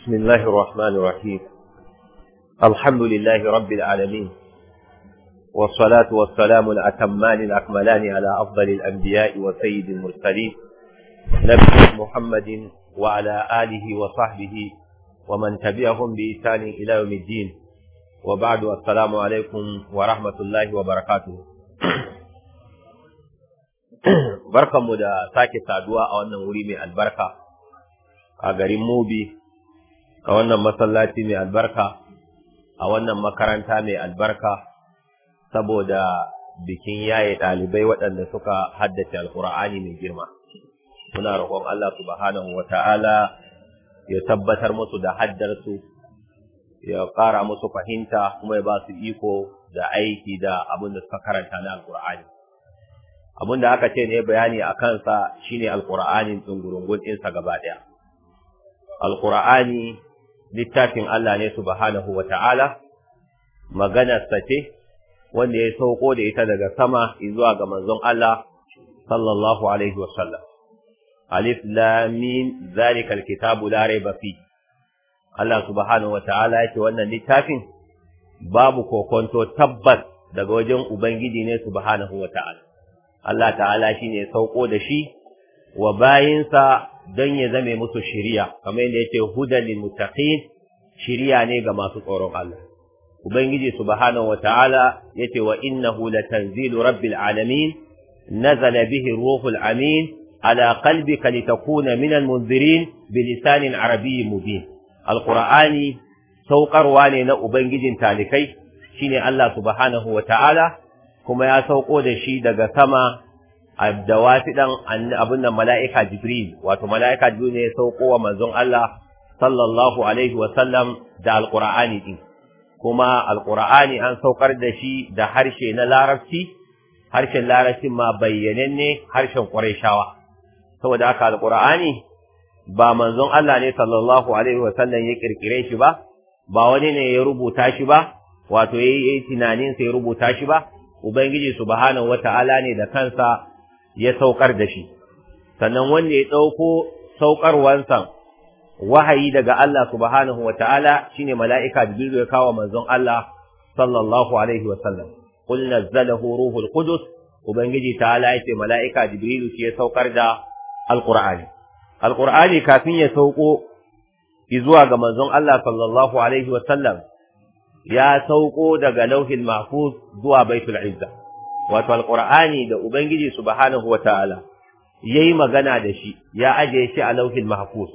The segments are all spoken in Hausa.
بسم الله الرحمن الرحيم الحمد لله رب العالمين والصلاة والسلام الأتمان الأكملان على أفضل الأنبياء وسيد المرسلين نبي محمد وعلى آله وصحبه ومن تبعهم بإسان إلى يوم الدين وبعد السلام عليكم ورحمة الله وبركاته بركة مدى sake saduwa a wannan wuri mai a wannan masallaci mai albarka a wannan makaranta mai albarka saboda bikin yaye dalibai waɗanda suka haddace alkur'ani mai girma muna roƙon Allah subhanahu wata'ala ya tabbatar musu da haddarsu ya ƙara musu fahimta kuma ya ba su iko da aiki da abin da suka karanta na alkur'ani abin da aka ce ne bayani a kansa shine alkur'ani tsungurungun ɗinsa gaba ɗaya alkur'ani littafin Allah ne subhanahu wa ta'ala, ce, wanda ya sauko da ita daga sama zuwa ga manzon Allah, sallallahu Alaihi wasallam. Alif lamin zalikal kitabu larai ba fi, Allah subhanahu wa yake wannan littafin babu kokonto tabbas daga wajen Ubangiji ne subhanahu wa Allah ta'ala shi ne sauko da shi wa bayinsa don ya zame musu shiriya kamar yadda yake huda lil muttaqin shiriya ne ga masu tsoron Allah ubangiji subhanahu wataala yace wa innahu latanzilu rabbil alamin nazala bihi ruhul amin ala qalbika litakuna minal munzirin bilisanin arabiy mubin alqur'ani saukarwa ne na ubangijin talikai shine Allah subhanahu wataala kuma ya sauko da shi daga sama da wasiɗan abin nan mala'ika Jibril, wato mala'ika Jibril ne ya sauko wa manzon Allah sallallahu Alaihi wasallam da Alƙura'ani ɗin, kuma Alƙura'ani an saukar da shi da harshe na larabci, harshen larabci ma ne harshen ƙwarai saboda haka Alƙura'ani ba manzon Allah ne sallallahu Alaihi wasallam ya ƙirƙire shi ba, ba wani ne ya rubuta shi ba, wato ya yi tunaninsa ya rubuta shi ba, Ubangiji subhanahu ta'ala ne da kansa ya saukar da shi sannan wanda ya ɗauko saukarwansa wahayi daga Allah subhanahu wata'ala shine mala'ika Jibril ya kawo manzon Allah sallallahu alaihi wa sallam qul nazzalahu ruhul qudus ubangiji ta'ala yace mala'ika Jibril shi ya saukar da alqur'ani alqur'ani kafin ya sauko zuwa ga manzon Allah sallallahu alaihi ya sauko daga lauhin mahfuz zuwa baitul wato alqur'ani da ubangiji subhanahu wataala yayi magana da shi ya ajiye shi a lauhin mahfuz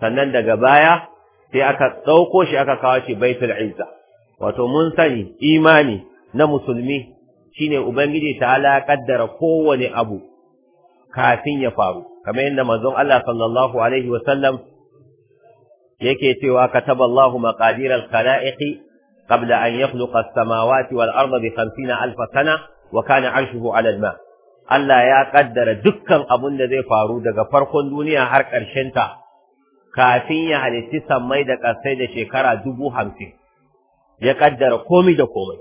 sannan daga baya sai aka dauko shi aka kawo shi baitul izza wato mun sani imani na musulmi shine ubangiji ta'ala ya kaddara kowane abu kafin ya faru kamar yadda manzon Allah sallallahu alaihi wasallam yake cewa kataballahu maqadir al-khalaiqi qabla an yakhluqa as-samawati wal arda bi 50000 wa kana arshuhu ala alma Allah ya kaddara dukkan abun da zai faru daga farkon duniya har ƙarshen ta kafin ya halitti sammai da ƙasai da shekara dubu hamsin ya kaddara komai da komai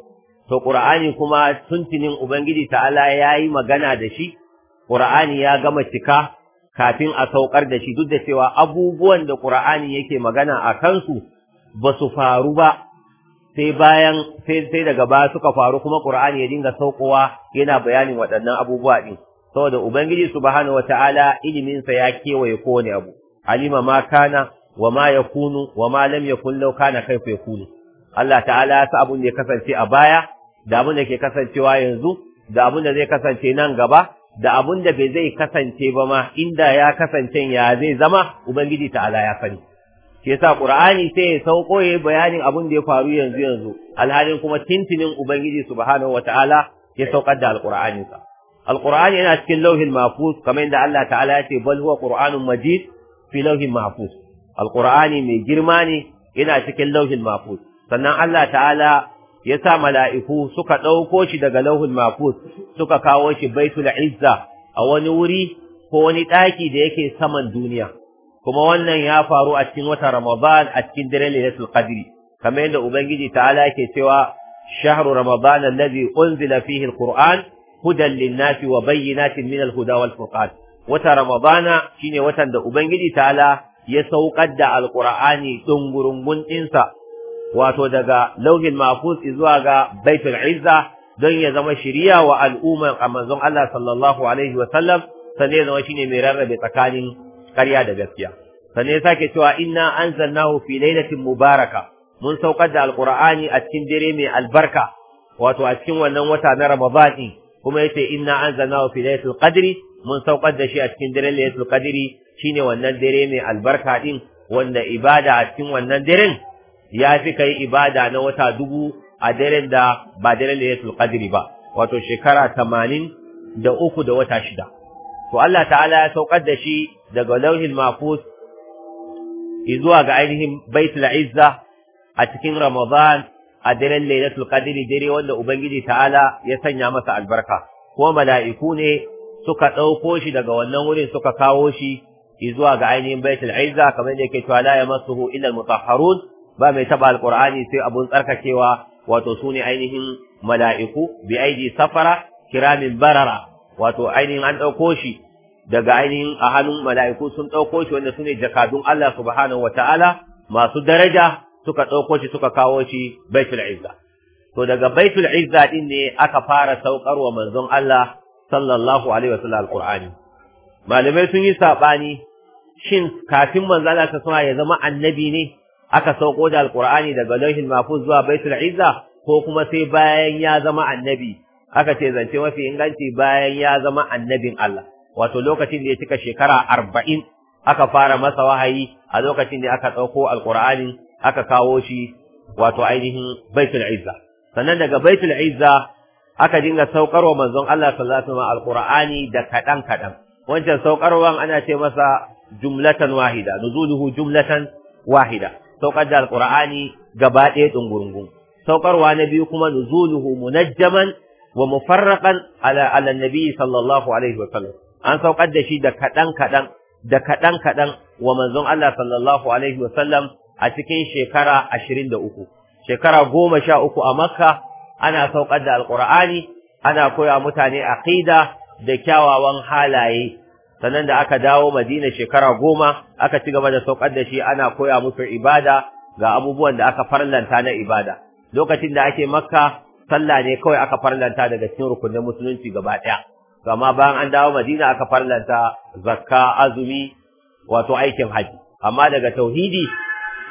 to qur'ani kuma tuntunin ubangiji ta'ala yi magana da shi qur'ani ya gama cika kafin a saukar da shi duk da cewa abubuwan da Qur'ani yake magana a kansu ba su faru ba sai bayan sai sai daga baya suka faru kuma Qur'ani ya dinga saukowa yana bayanin waɗannan abubuwa din saboda ubangiji subhanahu wataala ilimin sa ya kewaye kowane abu alima ma kana wa ma yakunu wa ma lam yakun law kana kaifa yakunu Allah ta'ala ya sa abun da ya kasance a baya da abun da ke kasancewa yanzu da abun da zai kasance nan gaba da abun da bai zai kasance ba ma inda ya kasance ya zai zama ubangiji ta'ala ya sani shi yasa qur'ani sai ya sauko yayin bayanin abin da ya faru yanzu yanzu alhalin kuma tintinin ubangiji subhanahu wataala ya saukar da alqur'ani sa alqur'ani yana cikin lauhin mahfuz kamar yadda Allah ta'ala ya ce bal huwa qur'anun majid fi lauhin mahfuz alqur'ani mai girma ne yana cikin lauhin mahfuz sannan Allah ta'ala ya sa mala'iku suka ɗauko shi daga lauhin mahfuz suka kawo shi baitul izza a wani wuri ko wani ɗaki da yake saman duniya kuma wannan ya faru a cikin watan Ramadan a cikin dare Lailatul Qadr kamar yadda ubangiji ta'ala yake cewa shahru ramadan alladhi unzila fihi alquran hudan linnasi wa bayyinatin min alhuda wal furqan wata ramadana shine watan da ubangiji ta'ala ya saukar da alqur'ani dungurungun dinsa wato daga lauhin mahfuz zuwa ga baitul izza don ya zama shiriya wa al'umma a manzon Allah sallallahu alaihi wa sallam ya zama shine mai rarrabe tsakanin ƙarya da gaskiya sannan ya sake cewa inna anzalnahu fi lailatin mubaraka mun saukar da alqur'ani a cikin dare mai albarka wato a cikin wannan wata na ramadan kuma yace inna anzalnahu fi lailatul qadri mun saukar da shi a cikin dare lailatul qadri shine wannan dare mai albarka din wanda ibada a cikin wannan daren ya fi kai ibada na wata dubu a daren da ba daren lailatul qadri ba wato shekara tamanin da uku da wata shida to Allah ta'ala ya saukar da shi daga lauhin mafus zuwa ga ainihin baitul izza a cikin ramadan a daren lailatul qadri dare wanda ubangiji ta'ala ya sanya masa albarka kuma mala'iku ne suka ɗauko shi daga wannan wurin suka kawo shi zuwa ga ainihin baitul izza kamar yake cewa la yamassuhu illa al-mutahharun ba mai taba alqur'ani sai abun tsarkakewa wato sune ainihin mala'iku bi aidi safara kiramin barara wato ainihin an ɗauko shi daga ainihin a hannun mala'iku sun ɗauko shi wanda su ne jakadun Allah subhanahu wa ta'ala masu daraja suka ɗauko shi suka kawo shi baitul izza. To daga baitul izza ɗin ne aka fara saukar wa manzon Allah sallallahu alaihi wa sallam Malamai sun yi saɓani shin kafin manzon Allah ta sama ya zama annabi ne aka sauko da alƙur'ani daga lauhin mafuz zuwa baitul izza ko kuma sai bayan ya zama annabi aka ce zance mafi inganci bayan ya zama annabin Allah. wato lokacin da ya cika shekara arba'in aka fara masa wahayi a lokacin da aka ɗauko alƙur'ani aka kawo shi wato ainihin baitul izza sannan daga baitul izza aka dinga saukarwa manzon Allah sallallahu alaihi wasallam alqur'ani da kaɗan kaɗan. wancan saukarwan ana ce masa jumlatan wahida nuzuluhu jumlatan wahida saukar da alqur'ani gaba ɗaya dungurungun saukarwa na biyu kuma nuzuluhu munajjaman wa mufarraqan ala ala nabi sallallahu alaihi wasallam an saukar da shi da kaɗan kaɗan da kaɗan kaɗan wa manzon Allah sallallahu alaihi wa sallam a cikin shekara ashirin da uku shekara goma sha uku a makka ana saukar da alƙur'ani ana koya mutane aqida da kyawawan halaye sannan da aka dawo madina shekara goma aka ci gaba da saukar da shi ana koya musu ibada ga abubuwan da aka farlanta na ibada lokacin da ake makka sallah ne kawai aka farlanta daga cikin rukunin musulunci gaba ɗaya amma bayan an dawo Madina aka farlanta zakka azumi wato aikin haji amma daga tauhidi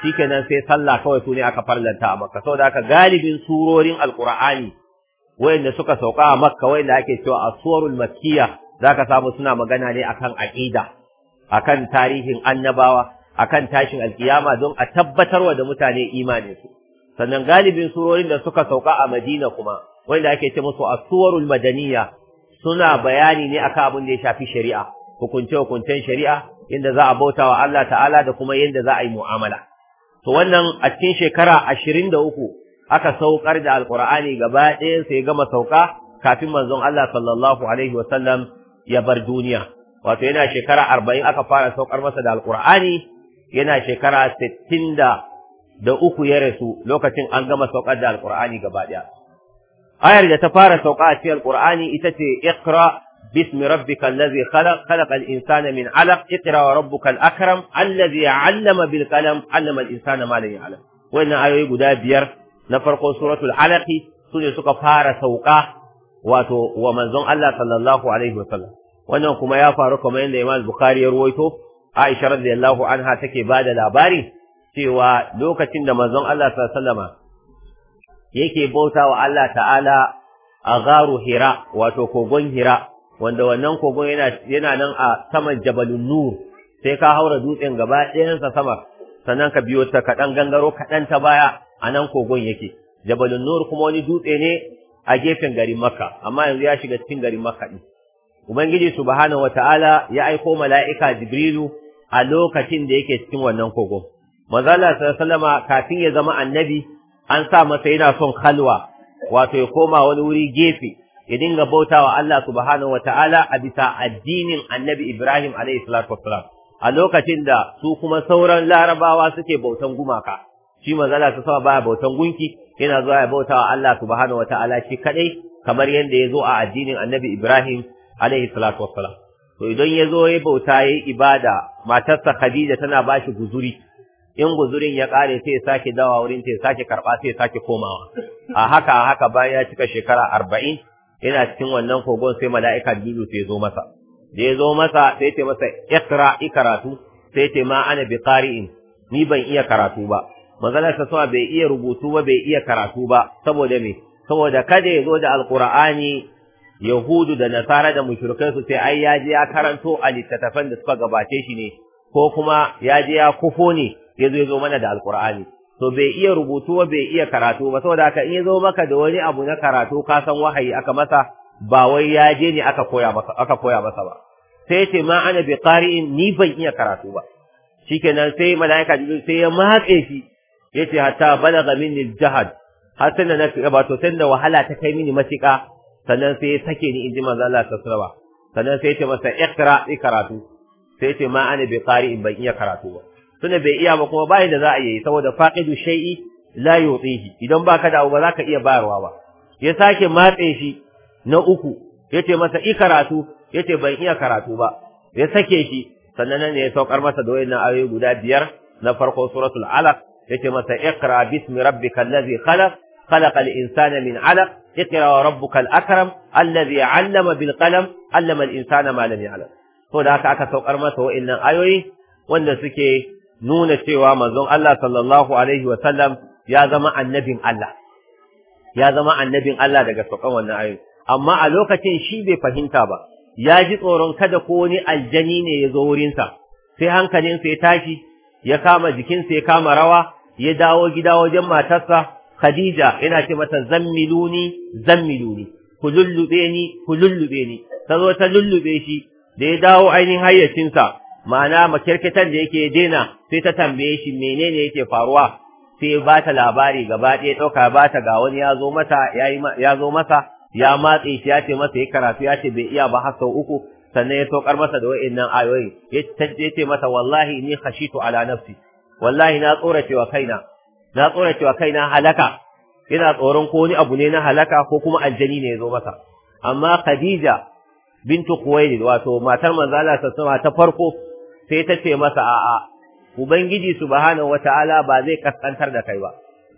shikenan sai sallah kawai su ne aka farlanta a Makka saboda haka galibin surorin alqur'ani wayanda suka sauka a Makka wayanda ake cewa as-surul makkiyah zaka samu suna magana ne akan aqida akan tarihin annabawa akan tashin alkiyama don a tabbatarwa da mutane imaninsu sannan galibin surorin da suka sauka a Madina kuma wayanda ake ce musu as madaniyya suna bayani ne akan abin da ya shafi shari'a hukunce hukuncen shari'a inda za a bauta wa Allah ta'ala da kuma yanda za a yi mu'amala to wannan a cikin shekara ashirin aka saukar da alkur'ani gaba ɗaya, sai ya gama sauka kafin manzon Allah sallallahu alaihi wa sallam ya bar duniya wato yana shekara arba'in aka fara saukar masa da alkur'ani yana shekara sittin da uku ya rasu lokacin an gama saukar da alkur'ani gaba ɗaya ayar da ta fara sauka a cikin alqur'ani ita ce iqra bismi rabbikal ladzi khalaq khalaqal insana min alaq iqra wa rabbukal akram alladhi 'allama bil qalam 'allama al insana ma lam ya'lam wannan ayoyi guda biyar na farkon suratul alaq sune suka fara sauka wato wa manzon Allah sallallahu alaihi wannan kuma ya faru kamar yadda Imam Bukhari ya ruwaito Aisha radiyallahu anha take bada labari cewa lokacin da manzon Allah sallallahu alaihi yake bauta wa Allah ta'ala a garu hira wato kogon hira wanda wannan kogon yana yana nan a saman jabalun nur sai ka haura dutsen gaba ɗayansa sama sannan ka biyo ta kaɗan gangaro kaɗan ta baya a nan kogon yake jabalun nur kuma wani dutse ne a gefen garin makka amma yanzu ya shiga cikin garin makka ɗin ubangiji subhanahu wataala ya aiko mala'ika jibrilu a lokacin da yake cikin wannan kogon alaihi wasallama kafin ya zama annabi an sa masa yana son halwa wato ya koma wani wuri gefe ya dinga bautawa Allah subhanahu wataala a bisa addinin Annabi Ibrahim alayhi salatu wassalam a lokacin da su kuma sauran larabawa suke bautan gumaka shi manzala su sama baya bautan gunki yana zuwa ya bautawa Allah subhanahu wataala shi kadai kamar yadda ya zo a addinin Annabi Ibrahim alayhi salatu wassalam to idan ya zo ya bauta yayi ibada matarsa Khadija tana bashi guzuri in guzurin ya kare sai sake dawa wurin sai sake karba sai sake komawa a haka a haka bayan ya cika shekara arba'in yana cikin wannan kogon sai mala'ika jibril sai zo masa da ya zo masa sai ce masa ikra ikaratu sai ce ma ana bi qari'in ni ban iya karatu ba manzala sa sama bai iya rubutu ba bai iya karatu ba saboda me saboda kada ya zo da alqur'ani yahudu da nasara da mushrikai su sai ai ya ya karanto a littattafan da suka gabace shi ne ko kuma ya je ya kufo ne ya zo ya zo mana da alkur'ani to bai iya rubutu ba bai iya karatu ba saboda haka in ya zo maka da wani abu na karatu ka san wahayi aka masa ba wai ya je ne aka koya masa aka koya masa ba sai ce ma ana bi qari'in ni ban iya karatu ba shikenan sai malaika jibril sai ya matse shi yace hatta balagha minni jahad har sai na ba to sai da wahala ta kai mini mashika sannan sai ya sake ni inji manzo Allah sallallahu sannan sai ya ce masa iqra i karatu sai ya ce ma ana bi qari'in ban iya karatu ba tunda bai iya ba kuma bai da za a yi saboda faqidu shay'i la yutihi idan baka da abu ba zaka iya bayarwa ba ya sake matse shi na uku yace masa i karatu yace ban iya karatu ba ya sake shi sannan ne ya saukar masa da wayannan ayoyi guda biyar na farko suratul alaq yace masa iqra bismi rabbikal ladhi khalaq خلق الإنسان من علق اقرأ وربك الأكرم الذي علم بالقلم علم الإنسان ما لم يعلم to da haka aka saukar masa wayannan ayoyi wanda suke nuna cewa manzon Allah sallallahu alaihi wa sallam ya zama annabin Allah ya zama annabin Allah daga saukan wannan ayoyi amma a lokacin shi bai fahimta ba ya ji tsoron kada ko wani aljani ne ya zo wurinsa sai hankalinsa ya tashi ya kama jikinsa ya kama rawa ya dawo gida wajen matarsa Khadija yana ce mata zammiluni zammiluni ku lullube ni ku lullube ni ta zo ta lullube shi da ya dawo ainihin hayyacinsa ma'ana makirkitar da yake daina sai ta tambaye shi menene yake faruwa sai ba ta labari gaba ɗaya ɗauka ba ta ga wani ya zo masa ya matse shi ya ce masa ya karatu ya ce bai iya ba har uku sannan ya saukar masa da wa'annan ayoyi ya ce masa wallahi ni khashitu ala nafsi wallahi na tsoracewa kaina na tsorace kaina halaka ina tsoron ko wani abu ne na halaka ko kuma aljani ne ya zo masa amma khadija bintu kuwaili wato matar manzo sama ta farko sai ta ce masa a'a ubangiji subhanahu wataala ba zai kaskantar da kai ba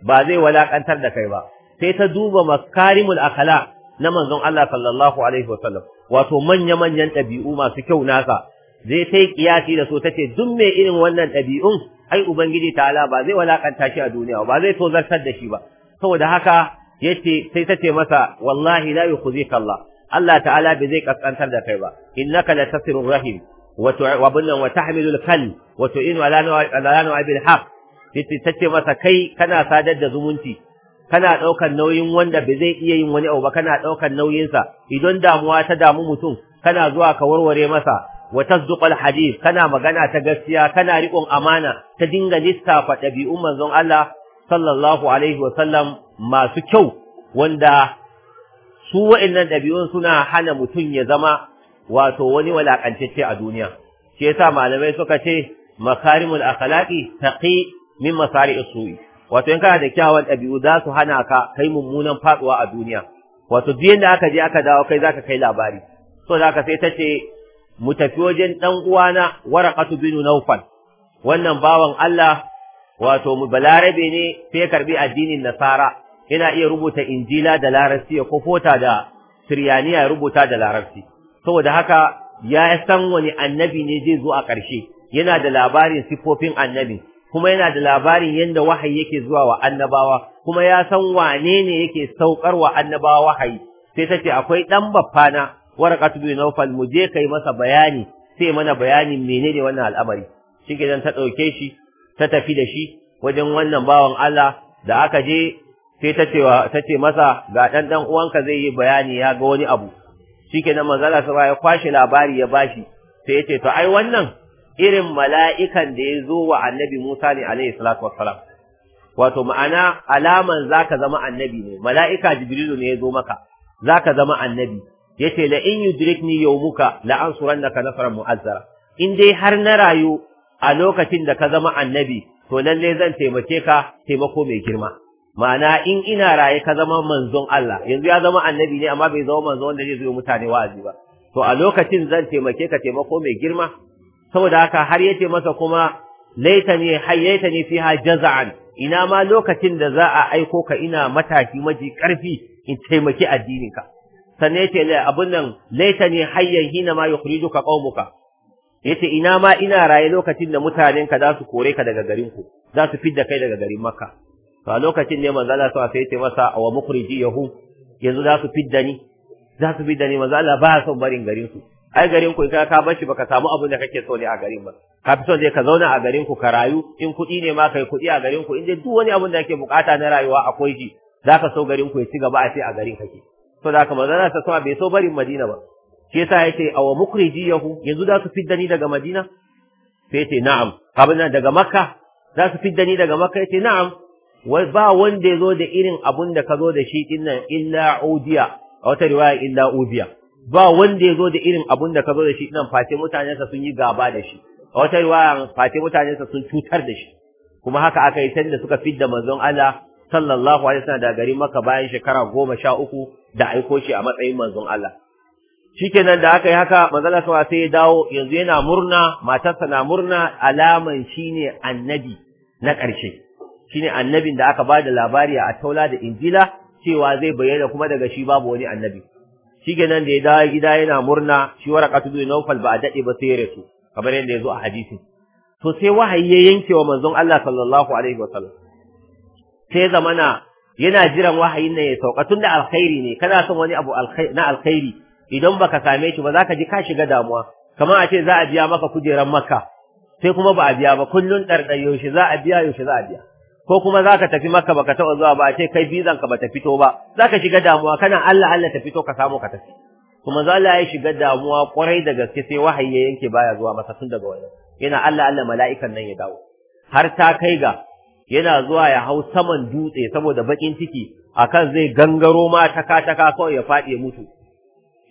ba zai walakantar da kai ba sai ta duba makarimul akhlaq na manzon Allah sallallahu alaihi wasallam wato manya manyan dabi'u masu kyau naka zai sai kiyasi da so tace duk mai irin wannan dabi'un ai ubangiji ta'ala ba zai walakanta shi a duniya ba zai tozartar da shi ba saboda haka yace sai tace masa wallahi la yukhzika Allah Allah ta'ala bai zai kaskantar da kai ba innaka la tasirur rahim وابن wato الكل وتعين على نوع بالحق tace masa kai kana sadar da zumunci kana ɗaukar nauyin wanda ba zai iya yin wani abu ba kana ɗaukar nauyinsa, idan damuwa ta damu mutum kana zuwa ka warware masa wa tasduqul hadith kana magana ta gaskiya kana riƙon amana ta dinga lissafa dabi'un manzon Allah sallallahu alaihi wa sallam masu kyau wanda su wa'annan ɗabi'un suna hana mutum ya zama wato wani walakantacce a duniya shi yasa malamai suka ce makarimul akhlaqi taqi min masari su'i wato in kana da kyawun ɗabi'u za su hana ka kai mummunan faduwa a duniya wato duk da aka je aka dawo kai zaka kai labari so zaka sai ta ce mu tafi wajen dan uwana waraqatu bin nawfal wannan bawan Allah wato mu balarabe ne sai karbi addinin nasara yana iya rubuta injila da larabci ko fota da tiryaniya rubuta da larabci saboda haka ya san wani annabi ne zai zo a ƙarshe yana da labarin sifofin annabi kuma yana da labarin yadda wahayi yake zuwa wa annabawa kuma ya san wane ne yake saukar wa annabawa wahayi sai ta ce akwai ɗan baffana warakatu bin naufal mu je kai masa bayani sai mana bayanin menene wannan al'amari shi dan ta ɗauke shi ta tafi da shi wajen wannan bawan Allah da aka je sai ta ce masa ga ɗan ɗan uwanka zai yi bayani ya ga wani abu shikenan manzala sama ya kwashi labari ya bashi sai yace to ai wannan irin mala'ikan da yazo wa annabi Musa ne alaihi salatu wassalam wato ma'ana alaman zaka zama annabi ne mala'ika jibrilu ne yazo maka zaka zama annabi yace la in yudrikni yawmuka la ansurannaka nasran mu'azzara in dai har na rayu a lokacin da ka zama annabi to lalle zan taimake ka taimako mai girma ma'ana in ina raye ka zama manzon Allah yanzu ya zama annabi ne amma bai zama manzon wanda zai zo mutane wa'azi ba to a lokacin zan taimake ka taimako mai girma saboda haka har yace masa kuma laitani hayyatani fiha jaza'an ina ma lokacin da za a aiko ka ina mataki maji karfi in taimaki addininka sannan yace abun nan laitani hayyan hina ma yukhrijuka qaumuka yace ina ma ina raye lokacin da mutanen ka za su kore ka daga garin ku? za su fidda kai daga garin makka to a lokacin ne manzo Allah sai ya ce masa wa mukhriji yahu yanzu za su fidda ni za su fidda ni manzo Allah ba son barin garin su ai garin ku ka ka bashi baka samu abin da kake so ne a garin ba ka fi son dai ka zauna a garin ku ka rayu in kuɗi ne ma kai kuɗi a garin ku in dai duk wani abin da kake bukata na rayuwa akwai shi zaka so garin ku ya ci gaba a ce a garin kake to da haka manzo Allah sai bai so barin Madina ba shi yasa yace aw yahu yanzu za su fidda ni daga Madina sai ce na'am abin daga Makka za su fidda ni daga Makka ce na'am ba wanda ya zo da irin abun da ka zo da shi din nan illa udiya a wata riwaya illa udiya ba wanda ya zo da irin abun da ka zo da shi din nan face mutanensa sun yi gaba da shi a wata riwaya face mutanensa sun cutar da shi kuma haka aka yi tanda suka fidda manzon Allah sallallahu alaihi wasallam da garin Makka bayan shekara 13 da aiko shi a matsayin manzon Allah shikenan da aka yi haka manzon Allah sai ya dawo yanzu yana murna matarsa na murna alaman shine annabi na ƙarshe shine annabin da aka ba da labari a taula da injila cewa zai bayyana kuma daga shi babu wani annabi shikenan da ya dawo gida yana murna shi waraqatu bin nawfal ba a dade ba sai ya rasu kamar yadda ya zo a hadisi. to sai wahayi ya yanke wa manzon Allah sallallahu alaihi wasallam sai zamana yana jiran wahayin nan ya sauka da alkhairi ne kana son wani abu na alkhairi idan baka same shi ba zaka ji ka shiga damuwa kamar a ce za a biya maka kujeran makka sai kuma ba a biya ba kullun ɗarɗar yaushe za a biya yaushe za a biya ko kuma zaka tafi makka baka taɓa zuwa ba a ce kai bizan ka bata fito ba zaka shiga damuwa kana Allah Allah ta fito ka samu ka tafi kuma Allah ya shiga damuwa kwarai da gaske sai wahayi ya yanke baya zuwa masa tun daga wannan yana Allah Allah mala'ikan nan ya dawo har ta kai ga yana zuwa ya hau saman dutse saboda bakin ciki akan zai gangaro ma takataka taka kawai ya faɗi ya mutu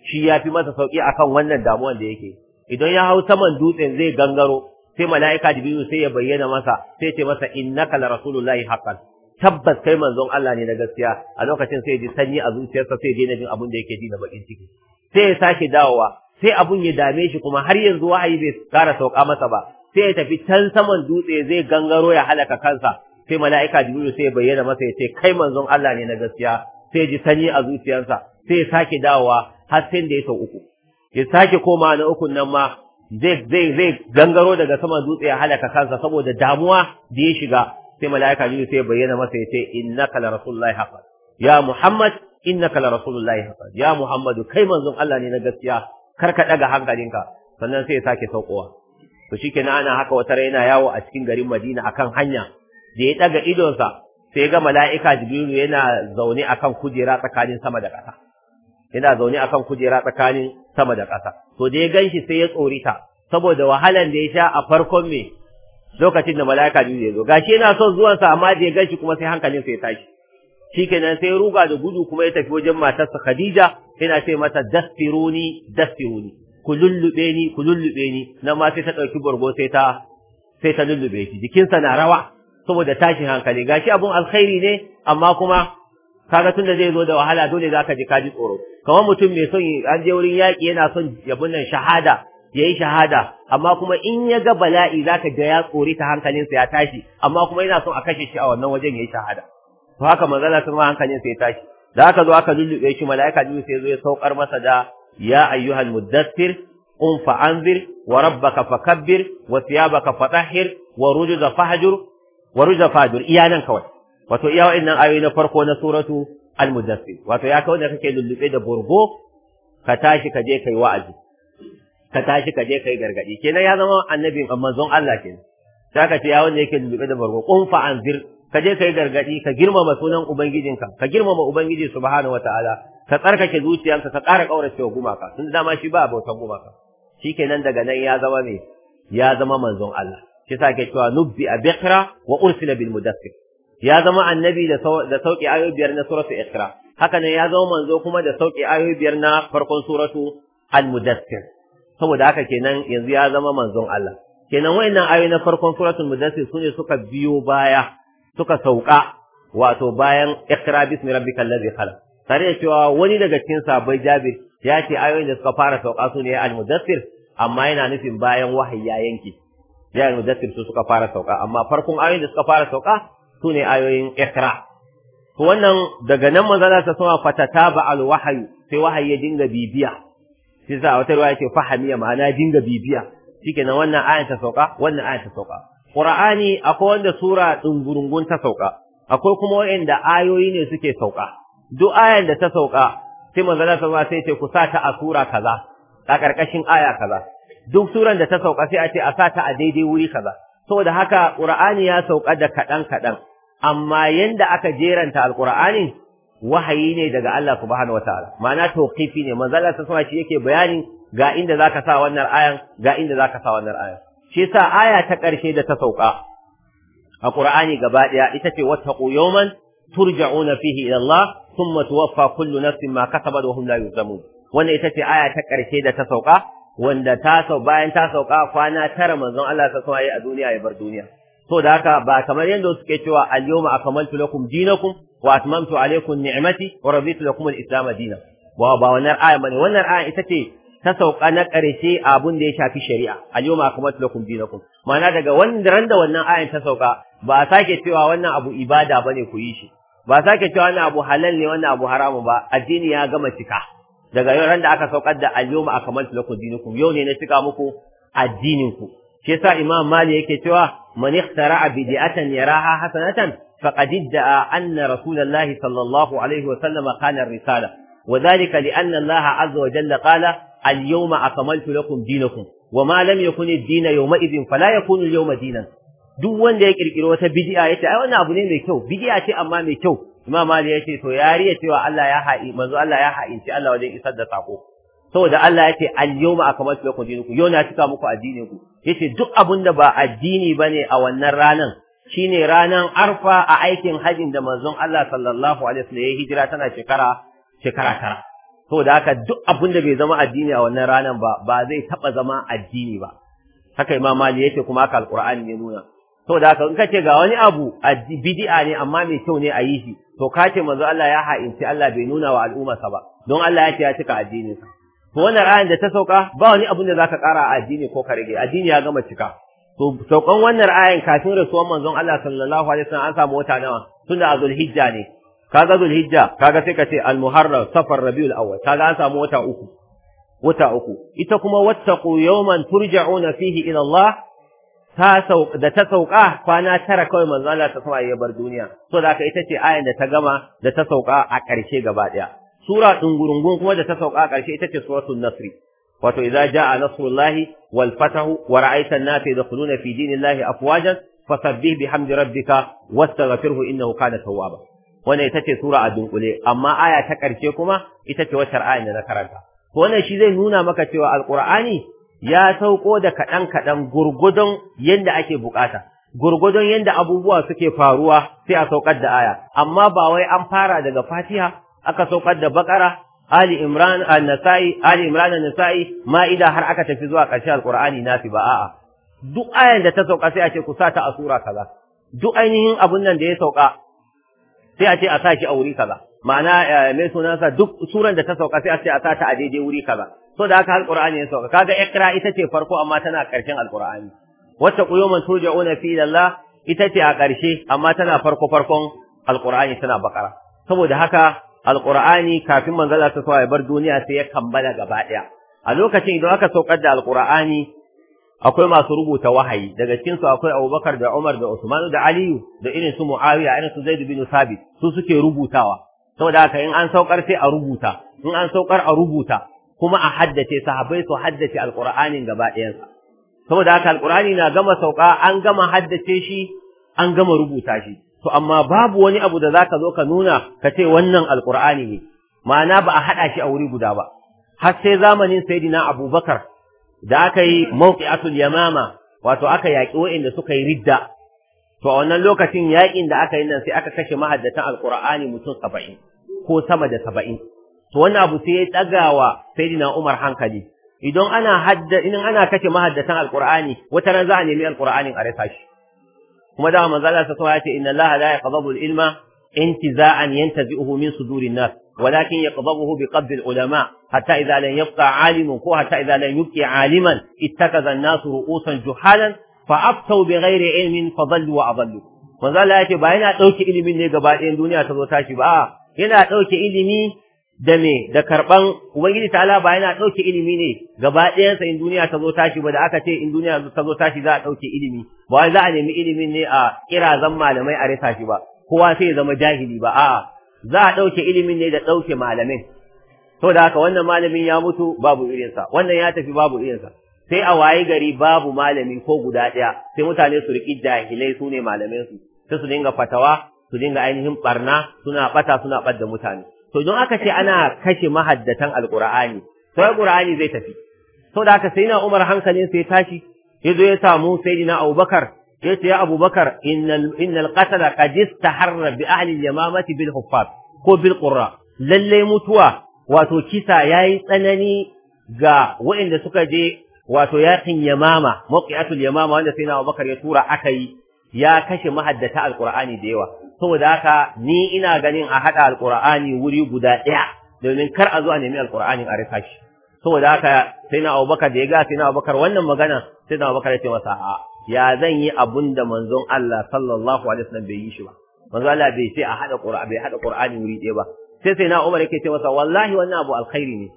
shi ya fi masa sauki akan wannan damuwan da yake idan ya hau saman dutsen zai gangaro sai mala'ika jibiru sai ya bayyana masa sai ce masa innaka la rasulullahi haqqan tabbas kai manzon Allah ne na gaskiya a lokacin sai ji sanyi a zuciyarsa sai daina jin abin da yake ji na bakin ciki sai ya sake dawowa sai abun ya dame shi kuma har yanzu wahayi bai kara sauka masa ba sai ya tafi can saman dutse zai gangaro ya halaka kansa sai mala'ika jibiru sai ya bayyana masa ya ce kai manzon Allah ne na gaskiya sai ji sanyi a zuciyarsa sai ya sake dawowa har sai da ya sau uku ya sake koma na ukun nan ma zai zai gangaro daga sama dutse ya halaka kansa saboda damuwa da ya shiga sai mala'ika jibril sai bayyana masa ya ce innaka la rasulullahi haqqan ya muhammad innaka la rasulullahi haqqan ya muhammadu kai manzon Allah ne na gaskiya kar ka daga hankalinka sannan sai ya sake saukowa to shikenan ana haka wata yana yawo a cikin garin Madina akan hanya da ya daga idonsa sai ga mala'ika jibril yana zaune akan kujera tsakanin sama da ƙasa yana zaune akan kujera tsakanin sama da ƙasa to da ya shi sai ya tsorita saboda wahalan da ya sha a farkon me lokacin da mala'ika biyu ya zo gashi yana son zuwan sa amma da ya shi, kuma sai hankalin sa ya tashi shikenan sai ya ruga da gudu kuma ya tafi wajen matarsa Khadija yana ce mata dastiruni dastiruni ku lullube ni ku lullube ni nan ma sai ta ɗauki borgo sai ta sai ta lullube shi jikinsa na rawa saboda tashin hankali gashi abun alkhairi ne amma kuma kaga tunda zai zo da wahala dole zaka ji kaji tsoro kamar mutum mai son an je wurin yaki yana son yabun nan shahada yayi shahada amma kuma in ya ga bala'i zaka ga ya tsori ta hankalinsa ya tashi amma kuma yana son a kashe shi a wannan wajen yayi shahada to haka manzala sun sa ya tashi da aka zo aka lulluɓe shi mala'ika biyu sai zo ya saukar masa da ya ayyuhal muddathir qum fa anzir wa rabbaka fakabbir wa thiyabaka fatahhir wa rujza fahjur wa rujza fahjur iyanan kawai wato iya wa'annan ayoyi na farko na suratu al-mudaththir wato ya kawo da kake lullube da burgo ka tashi ka je kai wa'azi ka tashi ka je kai gargadi kenan ya zama annabi manzon Allah kenan zaka ce ya wanda yake lullube da barko kun fa anzir ka je kai gargadi ka girmama sunan ubangijinka ka girmama ubangiji subhanahu wataala ka tsarkake zuciyanka ka ƙara kaurace gumaka tun dama shi ba bautan gumaka shikenan daga nan ya zama ne, ya zama manzon Allah shi sa ke cewa nubbi abikra wa ursila bil mudaththir ya zama annabi da sauƙi ayoyi biyar na suratu Iqra haka ne ya zama manzo kuma da sauƙi ayoyi biyar na farkon suratu Al-Mudaththir saboda haka kenan yanzu ya zama manzon Allah kenan wayannan ayoyi na farkon al Mudaththir sune suka biyo baya suka sauka wato bayan Iqra bismi rabbikal ladzi khalaq tare da cewa wani daga cikin sabai Jabir ya ce ayoyin da suka fara sauka sune Al-Mudaththir amma yana nufin bayan wahayi ya yanke ya Al-Mudaththir su suka fara sauka amma farkon ayoyin da suka fara sauka su ne ayoyin ikra to wannan daga nan manzala ta sama fatata ba alwahayu sai wahayi ya dinga bibiya sai sa wata ruwa yake ya ma'ana dinga bibiya shikenan wannan ayan ta sauka wannan ayan ta sauka qur'ani akwai wanda sura dungurungun ta sauka akwai kuma wanda ayoyi ne suke sauka duk ayan da ta sauka sai manzala ta sama sai ce ku sata a sura kaza a karkashin aya kaza duk suran da ta sauka sai a ce a sata a daidai wuri kaza saboda haka qur'ani ya sauka da kadan kadan amma yanda aka jeranta alqur'ani wahayi ne daga Allah subhanahu wataala ma'ana tawqifi ne manzo Allah sallallahu alaihi yake bayani ga inda zaka sa wannan ayan ga inda zaka sa wannan ayan shi yasa aya ta karshe da ta sauka a gaba daya ita ce wattaqu yawman turja'una fihi ila Allah thumma tuwaffa kullu nafsin ma kasabat wa hum la yuzlamun wannan ita ce aya ta karshe da ta sauka wanda ta sau bayan ta sauka kwana tara manzon Allah ta sauka a duniya ya bar duniya so da haka ba kamar yadda suke cewa al-yawma akmaltu lakum dinakum wa atmamtu alaykum ni'mati wa raditu lakum al-islam dinan ba ba wannan aya bane wannan aya ita ce ta sauka na karshe abun da ya shafi shari'a al-yawma akmaltu lakum dinakum ma'ana daga wanda randa wannan aya ta sauka ba a sake cewa wannan abu ibada bane ku yi shi ba a sake cewa wannan abu halal ne wannan abu haramu ba addini ya gama cika daga yau ran da aka saukar da al-yawma akmaltu lakum dinakum yau ne na cika muku addinin ku shi yasa imam mali yake cewa man ikhtara'a bid'atan yaraha hasanatan faqad idda'a anna rasulullahi sallallahu alaihi wa sallam qala ar-risala wa dhalika li anna allaha azza wa jalla qala al-yawma akmaltu lakum dinakum wa ma lam yakun ad-din yawma idhin fala ya al-yawma dinan duk wanda ya kirkiro wata bid'a yace ai wannan abu ne mai kyau bid'a ce amma mai kyau imam mali yace to yariya cewa Allah ya ha'i manzo Allah ya ha'inci Allah wajen isar da sako saboda Allah yace al-yawma akmaltu lakum dinakum yau na cika muku addini ku yace duk abun da ba addini bane a wannan ranan shine ranan arfa a aikin hajin da manzon Allah sallallahu alaihi wasallam ya hijira tana shekara shekara tara saboda haka duk abun da bai zama addini a wannan ranan ba ba zai taba zama addini ba haka Imam mali yace kuma haka Al-Qur'ani ya nuna saboda haka in kace ga wani abu bid'a ne amma mai kyau ne a yi shi to kace manzo Allah ya ha'inci Allah bai nuna wa al'umma sa ba don Allah ya ce ya cika addinin to wannan ra'ayin da ta sauka ba wani abin da za ka kara a addini ko ka rage addini ya gama cika to saukan wannan ayan kafin rasuwar manzon Allah sallallahu alaihi wasallam an samu wata nawa tunda a zulhijja ne kaga zulhijja kaga sai ka ce al-muharram safar rabiul awwal kaga an samu wata uku wata uku ita kuma wattaqu yawman turja'una fihi ila Allah ta da ta sauka kwana tara kawai manzo Allah ta sama ya bar duniya so da ita ce ayan da ta gama da ta sauka a ƙarshe gaba ɗaya sura dungurungun kuma da ta sauka karshe ita ce suratul nasri wato idza jaa nasrullahi wal fatahu wa ra'aita an-nasa yadkhuluna fi dinillahi afwajan fasabbih bihamdi rabbika wastaghfirhu innahu kana tawwaba wannan ita ce sura a dunkule amma aya ta karshe kuma ita ce wacce ayan da na karanta to wannan shi zai nuna maka cewa alqur'ani ya sauko da kaɗan kaɗan gurgudun yadda ake bukata gurgudun yadda abubuwa suke faruwa sai a saukar da aya amma ba wai an fara daga fatiha aka saukar da bakara Ali Imran an-Nasa'i Ali Imran an-Nasa'i Ma'ida har aka tafi zuwa ƙarshen Al-Qur'ani nafi ba a'a duk ayan da ta sauka sai a ce ku sa ta a sura kaza duk ainihin abun nan da ya sauka sai a ce a sa shi a wuri kaza ma'ana eh, mai sunansa duk suran da ta sauka sai a ce a sa ta a daidai wuri kaza so da haka Al-Qur'ani ya sauka kaga Iqra ita ce farko amma tana ƙarshen Al-Qur'ani wacce quyuman turja'una fi lillah ita ce a ƙarshe amma tana farko farkon Al-Qur'ani tana bakara saboda haka alqur'ani kafin manzo Allah sallallahu alaihi ya bar duniya sai ya kambala gaba daya a lokacin idan aka saukar da alqur'ani akwai masu rubuta wahayi daga cikin su akwai Abubakar da Umar da Uthman da Ali da irin su Muawiya irin su Zaid bin Thabit su suke rubutawa saboda haka in an saukar sai a rubuta in an saukar a rubuta kuma a haddace sahabbai su haddace alqur'anin gaba ɗayansa saboda haka alqur'ani na gama sauka an gama haddace shi an gama rubuta shi to amma babu wani abu da zaka zo ka nuna ka ce wannan alqur'ani ne ma'ana ba a hada shi a wuri guda ba har sai zamanin sayyidina abubakar da aka yi mawqi'atul yamama wato aka yaƙi da suka yi ridda to a wannan lokacin yakin da aka yi nan sai aka kashe mahaddatan alqur'ani mutum 70 ko sama da 70 to wannan abu sai ya tsagawa sayyidina umar hankali idan ana hadda idan ana kashe mahaddatan alqur'ani wata ran za a nemi alqur'anin a rasa shi kuma da manzo Allah sallallahu alaihi wasallam inna Allah la yaqbalu al-ilma intiza'an yantazi'uhu min sudurin nas walakin yaqbaluhu biqabd al-ulama hatta idza lan yabqa 'alimun ko hatta idza lan yubqi 'aliman ittakaza an-nas ru'usan juhalan fa'aftau bi ghairi ilmin fadallu wa adallu manzo Allah yake ba yana dauke ilimin ne gaba ɗayan duniya ta zo tashi ba yana dauke ilimi da me da karban ubangiji ta'ala ba yana dauke ilimi ne gaba ɗayansa in duniya ta zo tashi ba da aka ce in duniya ta zo tashi za a dauke ilimi ba wai za a nemi ilimin ne a zan malamai a rasa shi ba kowa sai ya zama jahili ba a'a za a dauke ilimin ne da dauke malamin to da haka wannan malamin ya mutu babu irinsa wannan ya tafi babu irinsa sai a waye gari babu malami ko guda ɗaya sai mutane su riƙi jahilai su ne malamin su sai su dinga fatawa su dinga ainihin barna suna bata suna ɓadda mutane to don aka ce ana kashe mahaddatan Alƙur'ani, to alqur'ani zai tafi to da haka sai na Umar hankalin sai tashi zo ya samu na Abubakar yace ya Abubakar innal innal qatala qad istaharra bi ahli yamamati bil huffaz ko bil qurra mutuwa wato kisa yayi tsanani ga waɗanda suka je wato yakin yamama mawqi'atul yamama wanda sai na Abubakar ya tura aka yi ya kashe mahaddata Alƙur'ani da yawa saboda haka ni ina ganin a haɗa alƙur'ani wuri guda ɗaya domin kar a zo a nemi alƙur'anin a rika shi saboda haka sai na abubakar da ya ga sai na abubakar wannan magana sai na abubakar ya ce masa a ya zan yi abun da manzon Allah sallallahu alaihi wasallam bai yi shi ba manzon Allah bai ce a haɗa ƙur'ani bai haɗa ƙur'ani wuri ɗaya ba sai sai na Umar yake ce masa wallahi wannan abu alkhairi ne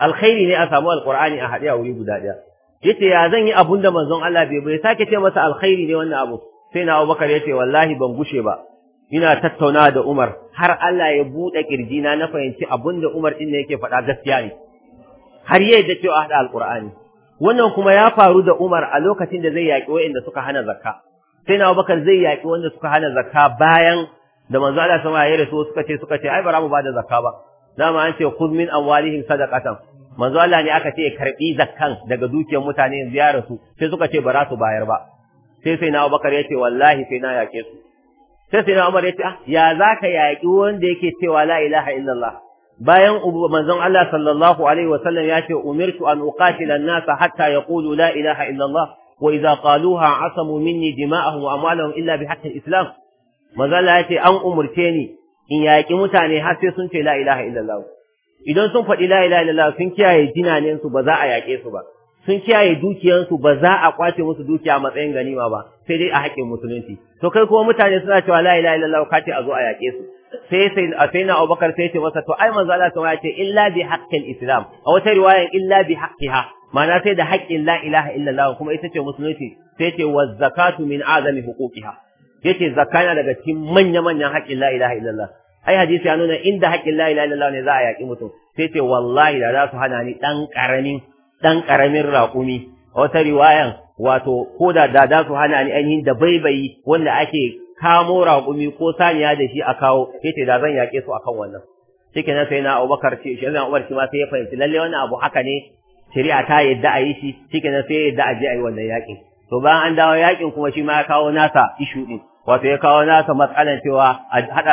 alkhairi ne a samu alƙur'ani a haɗe a wuri guda ɗaya yace ya zan yi abun da manzon Allah bai bai sake ce masa alkhairi ne wannan abu sai na Abubakar yace wallahi ban gushe ba ina tattauna da Umar har Allah ya buɗe kirjina na na fahimci abinda Umar din ne yake faɗa gaskiya ne har yayi da cewa hada alqur'ani wannan kuma ya faru da Umar a lokacin da zai yaki wayanda suka hana zakka sai na Abubakar zai yaki wanda suka hana zakka bayan da manzo Allah sama ya rasu suka ce suka ce ai bara mu bada zakka ba dama an ce khudh min amwalihim sadaqatan manzo Allah ne aka ce karbi zakkan daga dukiyar mutane ziyara su sai suka ce bara su bayar ba sai sai na Abubakar ya ce wallahi sai na yake su sai sai Umar ya ce ah, ya zaka yaki wanda yake cewa la ilaha illallah bayan manzon Allah sallallahu alaihi wasallam ya ce umirtu an uqatila an-nasa hatta yaqulu la ilaha illallah wa idza qaluha asamu minni dima'ahum wa amwalahum illa bihaqqi al-islam manzon Allah ya ce an umurce ni in yaki mutane har sai sun ce la ilaha illallah idan sun faɗi la ilaha illallah sun kiyaye jinanensu ba za a yake su ba sun kiyaye dukiyansu ba za a kwace musu dukiya matsayin ganima ba sai dai a haƙƙin musulunci to kai kuma mutane suna cewa la ilaha illallah kace a zo a yaƙe su sai sai sai na Abubakar sai ce masa to ai manzo Allah ta ce illa bi haqqil islam a wata riwaya illa bi haqqiha ma'ana sai da haƙƙin la ilaha illallah kuma ita ce musulunci sai ce wa zakatu min azami huquqiha yace zakka yana daga cikin manya manyan haƙƙin la ilaha illallah ai hadisi ya nuna inda haƙƙin la ilaha illallah ne za a yaƙi mutum sai ce wallahi da za su hana ni dan karamin ɗan ƙaramin raƙumi a wata riwayan wato ko da su hana ni ainihin da baibayi wanda ake kamo raƙumi ko saniya da shi a kawo yace da zan yaƙe su akan wannan na sai na Abubakar ce shi na Umar shi ma sai ya fahimci lalle wannan abu haka ne shari'a ta yadda a yi shi na sai ya yadda a je a yi wannan yaƙin to bayan an dawo yaƙin kuma shi ma ya kawo nasa ishu din wato ya kawo nasa matsalan cewa a haɗa